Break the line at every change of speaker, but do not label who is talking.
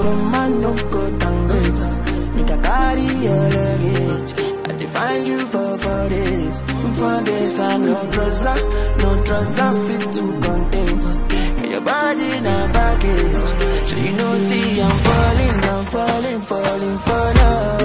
puro mano ko tango Make a body elegant I define you for four days, For days. I no trouser No trouser fit to contain and Your body na baggage So you know see I'm falling, I'm falling, falling for
love